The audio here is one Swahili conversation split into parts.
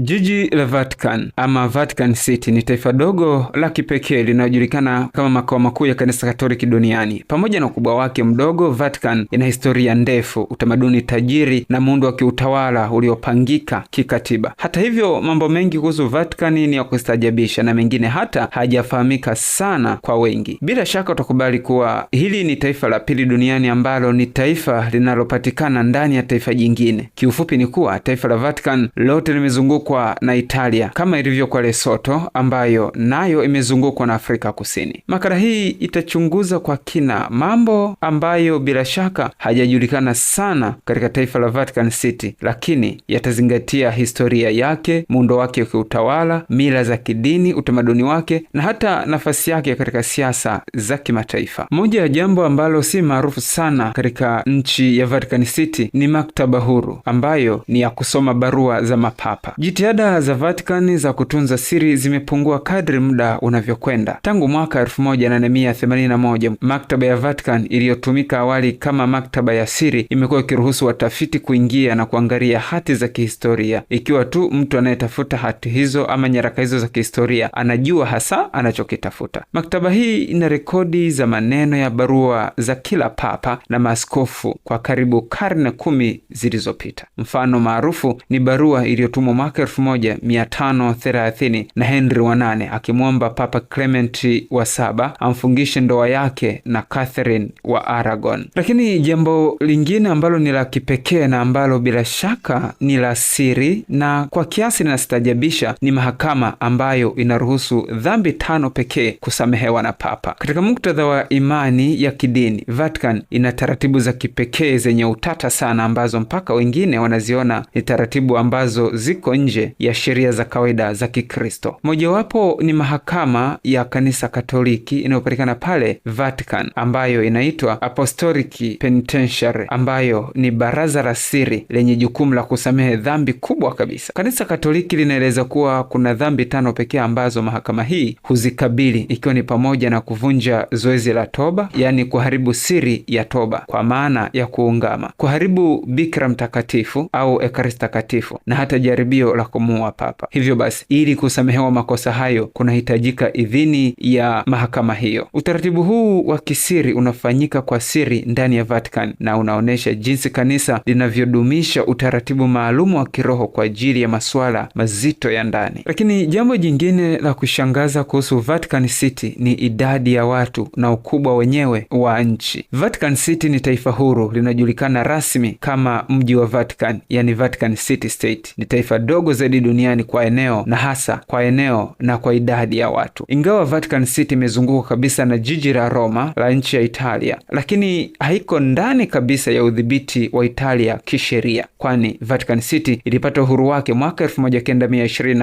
Jiji la Vatican ama Vatican City ni taifa dogo la kipekee linalojulikana kama makao makuu ya kanisa Katoliki duniani. Pamoja na ukubwa wake mdogo, Vatican ina historia ndefu, utamaduni tajiri na muundo wa kiutawala uliopangika kikatiba. Hata hivyo, mambo mengi kuhusu Vatican ni ya kustajabisha na mengine hata hajafahamika sana kwa wengi. Bila shaka utakubali kuwa hili ni taifa la pili duniani ambalo ni taifa linalopatikana ndani ya taifa jingine. Kiufupi ni kuwa taifa la Vatican lote limezunguka imezungukwa na Italia kama ilivyo kwa Lesotho ambayo nayo imezungukwa na Afrika Kusini. Makala hii itachunguza kwa kina mambo ambayo bila shaka hajajulikana sana katika taifa la Vatican City, lakini yatazingatia historia yake, muundo wake wa kiutawala, mila za kidini, utamaduni wake na hata nafasi yake katika siasa za kimataifa. Moja ya jambo ambalo si maarufu sana katika nchi ya Vatican City ni maktaba huru ambayo ni ya kusoma barua za mapapa. Jitihada za Vatican za kutunza siri zimepungua kadri muda unavyokwenda. Tangu mwaka 1881 maktaba ya Vatican iliyotumika awali kama maktaba ya siri imekuwa ikiruhusu watafiti kuingia na kuangalia hati za kihistoria, ikiwa tu mtu anayetafuta hati hizo ama nyaraka hizo za kihistoria anajua hasa anachokitafuta. Maktaba hii ina rekodi za maneno ya barua za kila papa na maaskofu kwa karibu karne kumi zilizopita. Mfano maarufu ni barua iliyotumwa mwaka mwaka thelathini na Henry wa nane akimwomba Papa Clement wa saba amfungishe ndoa yake na Catherine wa Aragon. Lakini jambo lingine ambalo ni la kipekee na ambalo bila shaka ni la siri na kwa kiasi linastajabisha ni mahakama ambayo inaruhusu dhambi tano pekee kusamehewa na Papa. Katika muktadha wa imani ya kidini, Vatican ina taratibu za kipekee zenye utata sana ambazo mpaka wengine wanaziona ni taratibu ambazo ziko nje ya sheria za kawaida za Kikristo. Mojawapo ni mahakama ya kanisa Katoliki inayopatikana pale Vatican, ambayo inaitwa Apostolic Penitentiary, ambayo ni baraza la siri lenye jukumu la kusamehe dhambi kubwa kabisa. Kanisa Katoliki linaeleza kuwa kuna dhambi tano pekee ambazo mahakama hii huzikabili, ikiwa ni pamoja na kuvunja zoezi la toba, yaani kuharibu siri ya toba kwa maana ya kuungama, kuharibu Bikira mtakatifu au Ekaristi takatifu na hata jaribio la kumuua papa. Hivyo basi, ili kusamehewa makosa hayo kunahitajika idhini ya mahakama hiyo. Utaratibu huu wa kisiri unafanyika kwa siri ndani ya Vatican na unaonyesha jinsi kanisa linavyodumisha utaratibu maalumu wa kiroho kwa ajili ya masuala mazito ya ndani. Lakini jambo jingine la kushangaza kuhusu Vatican City ni idadi ya watu na ukubwa wenyewe wa nchi. Vatican City ni taifa huru, linajulikana rasmi kama mji wa Vatican, yani Vatican City State. Ni taifa dogo ndogo zaidi duniani kwa eneo na hasa kwa eneo na kwa idadi ya watu. Ingawa Vatican City imezunguka kabisa na jiji la Roma la nchi ya Italia, lakini haiko ndani kabisa ya udhibiti wa Italia kisheria, kwani Vatican City ilipata uhuru wake mwaka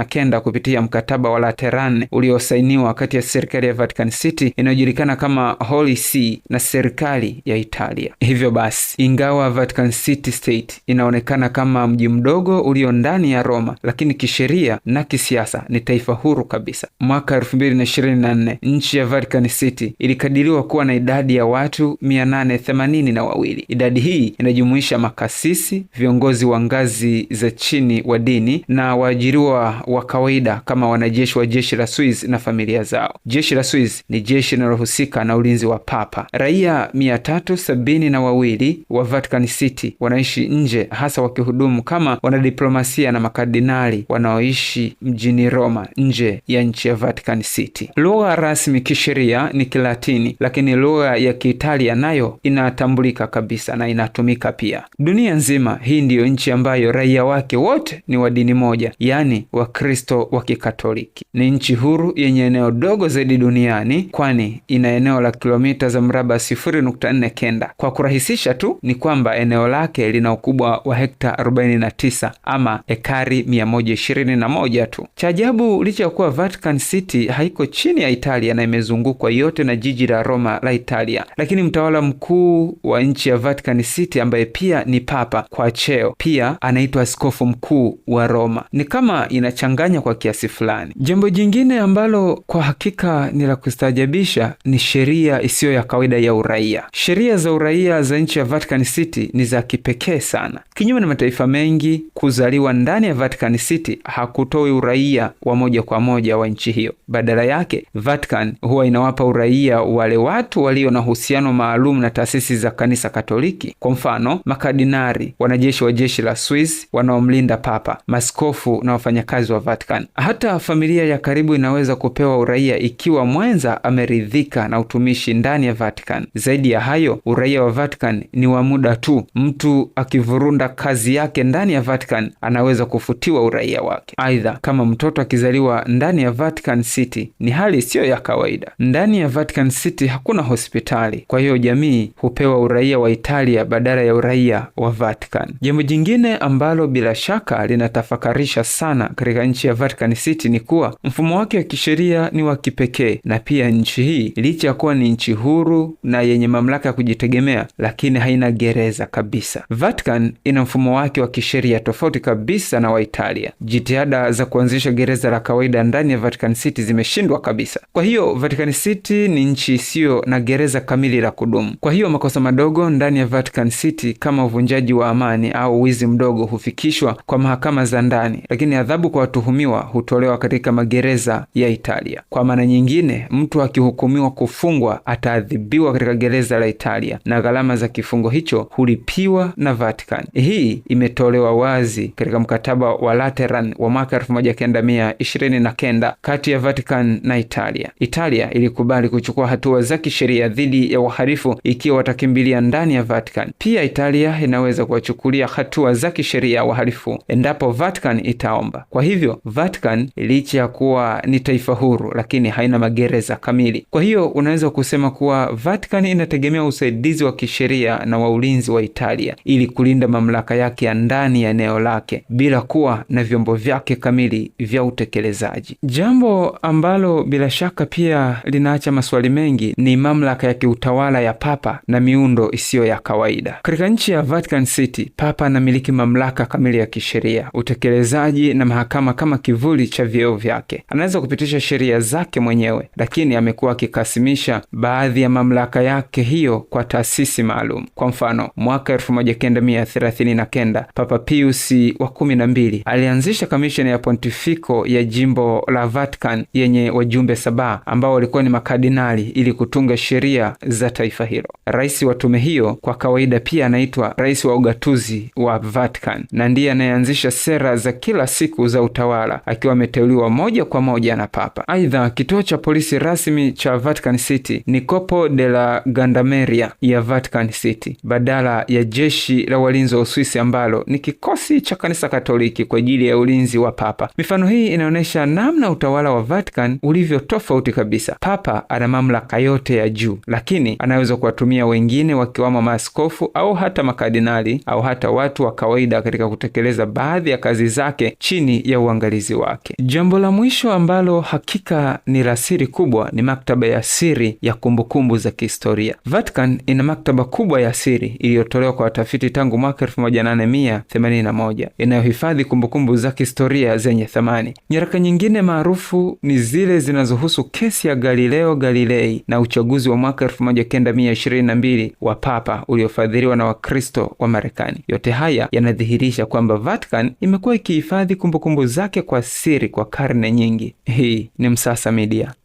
kenda kupitia mkataba wa Lateran uliosainiwa kati ya serikali ya Vatican City inayojulikana kama Holy See na serikali ya Italia. Hivyo basi, ingawa Vatican City State inaonekana kama mji mdogo ulio ndani ya Roma lakini kisheria na kisiasa ni taifa huru kabisa. Mwaka 2024 nchi ya Vatican City ilikadiriwa kuwa na idadi ya watu 880 na wawili. Idadi hii inajumuisha makasisi, viongozi wa ngazi za chini wa dini na waajiriwa wa kawaida kama wanajeshi wa jeshi la swiz na familia zao. Jeshi la swiz ni jeshi linalohusika na ulinzi wa papa. Raia mia tatu sabini na wawili wa Vatican City wanaishi nje, hasa wakihudumu kama wanadiplomasia na makardinali kardinali wanaoishi mjini Roma nje ya nchi ya Vatican City. Lugha rasmi kisheria ni Kilatini, lakini lugha ya Kiitalia nayo inatambulika kabisa na inatumika pia dunia nzima. Hii ndiyo nchi ambayo raia wake wote ni wa dini moja, yaani Wakristo wa Kikatoliki. Ni nchi huru yenye eneo dogo zaidi duniani, kwani ina eneo la kilomita za mraba 0.4 kenda. Kwa kurahisisha tu ni kwamba eneo lake lina ukubwa wa hekta 49 ama ekari 121 tu. Cha ajabu, licha ya kuwa Vatican City haiko chini ya Italia na imezungukwa yote na jiji la Roma la Italia, lakini mtawala mkuu wa nchi ya Vatican City ambaye pia ni papa kwa cheo, pia anaitwa askofu mkuu wa Roma. Ni kama inachanganya kwa kiasi fulani. Jambo jingine ambalo kwa hakika ni la kustaajabisha ni sheria isiyo ya kawaida ya uraia. Sheria za uraia za nchi ya Vatican City ni za kipekee sana, kinyume na mataifa mengi. Kuzaliwa ndani ya Vatican Vatican City hakutoi uraia wa moja kwa moja wa nchi hiyo. Badala yake, Vatican huwa inawapa uraia wale watu walio na uhusiano maalum na taasisi za kanisa Katoliki. Kwa mfano, makardinari, wanajeshi wa jeshi la Swiss wanaomlinda Papa, maskofu na wafanyakazi wa Vatican. Hata familia ya karibu inaweza kupewa uraia ikiwa mwenza ameridhika na utumishi ndani ya Vatican. Zaidi ya hayo, uraia wa Vatican ni wa muda tu. Mtu akivurunda kazi yake ndani ya Vatican anaweza kufutia kutiwa uraia wake. Aidha, kama mtoto akizaliwa ndani ya Vatican City ni hali isiyo ya kawaida. Ndani ya Vatican City hakuna hospitali, kwa hiyo jamii hupewa uraia wa Italia badala ya uraia wa Vatican. Jambo jingine ambalo bila shaka linatafakarisha sana katika nchi ya Vatican City ni kuwa mfumo wake wa kisheria ni wa kipekee, na pia nchi hii licha ya kuwa ni nchi huru na yenye mamlaka ya kujitegemea, lakini haina gereza kabisa. Vatican ina mfumo wake wa kisheria tofauti kabisa na wa Italia. Jitihada za kuanzisha gereza la kawaida ndani ya Vatican City zimeshindwa kabisa. Kwa hiyo Vatican City ni nchi isiyo na gereza kamili la kudumu. Kwa hiyo makosa madogo ndani ya Vatican City kama uvunjaji wa amani au wizi mdogo hufikishwa kwa mahakama za ndani, lakini adhabu kwa watuhumiwa hutolewa katika magereza ya Italia. Kwa maana nyingine, mtu akihukumiwa kufungwa ataadhibiwa katika gereza la Italia na gharama za kifungo hicho hulipiwa na Vatican. Hii imetolewa wazi katika mkataba Lateran wa mwaka 1929 kati ya Vatican na Italia. Italia ilikubali kuchukua hatua za kisheria dhidi ya wahalifu ikiwa watakimbilia ndani ya Vatican. Pia Italia inaweza kuwachukulia hatua za kisheria wahalifu endapo Vatican itaomba. Kwa hivyo, Vatican licha ya kuwa ni taifa huru, lakini haina magereza kamili. Kwa hiyo unaweza kusema kuwa Vatican inategemea usaidizi wa kisheria na wa ulinzi wa Italia ili kulinda mamlaka yake ya ndani ya eneo lake bila kuwa na vyombo vyake kamili vya utekelezaji, jambo ambalo bila shaka pia linaacha maswali mengi. Ni mamlaka ya kiutawala ya Papa na miundo isiyo ya kawaida. Katika nchi ya Vatican City, Papa anamiliki mamlaka kamili ya kisheria, utekelezaji na mahakama kama kivuli cha vyeo vyake. Anaweza kupitisha sheria zake mwenyewe, lakini amekuwa akikasimisha baadhi ya mamlaka yake hiyo kwa taasisi maalum. Kwa mfano, mwaka 1939 Papa Pius wa 12 alianzisha kamisheni ya pontifiko ya jimbo la Vatican yenye wajumbe saba ambao walikuwa ni makardinali ili kutunga sheria za taifa hilo. Rais wa tume hiyo kwa kawaida pia anaitwa rais wa ugatuzi wa Vatican na ndiye anayeanzisha sera za kila siku za utawala, akiwa ameteuliwa moja kwa moja na Papa. Aidha, kituo cha polisi rasmi cha Vatican City ni Corpo della Gendarmeria ya Vatican City badala ya jeshi la walinzi wa Uswisi ambalo ni kikosi cha kanisa Katoliki kwa ajili ya ulinzi wa papa. Mifano hii inaonyesha namna utawala wa Vatican ulivyo tofauti kabisa. Papa ana mamlaka yote ya juu, lakini anaweza kuwatumia wengine, wakiwamo maaskofu au hata makardinali au hata watu wa kawaida katika kutekeleza baadhi ya kazi zake chini ya uangalizi wake. Jambo la mwisho ambalo hakika ni la siri kubwa ni maktaba ya siri ya kumbukumbu za kihistoria. Vatican ina maktaba kubwa ya siri iliyotolewa kwa watafiti tangu mwaka 1881 inayohifadhi kumbukumbu kumbukumbu za kihistoria zenye thamani. Nyaraka nyingine maarufu ni zile zinazohusu kesi ya Galileo Galilei na uchaguzi wa mwaka 1922 wa papa uliofadhiliwa na Wakristo wa Marekani. Yote haya yanadhihirisha kwamba Vatican imekuwa ikihifadhi kumbukumbu zake kwa siri kwa karne nyingi. Hii ni Msasa Media.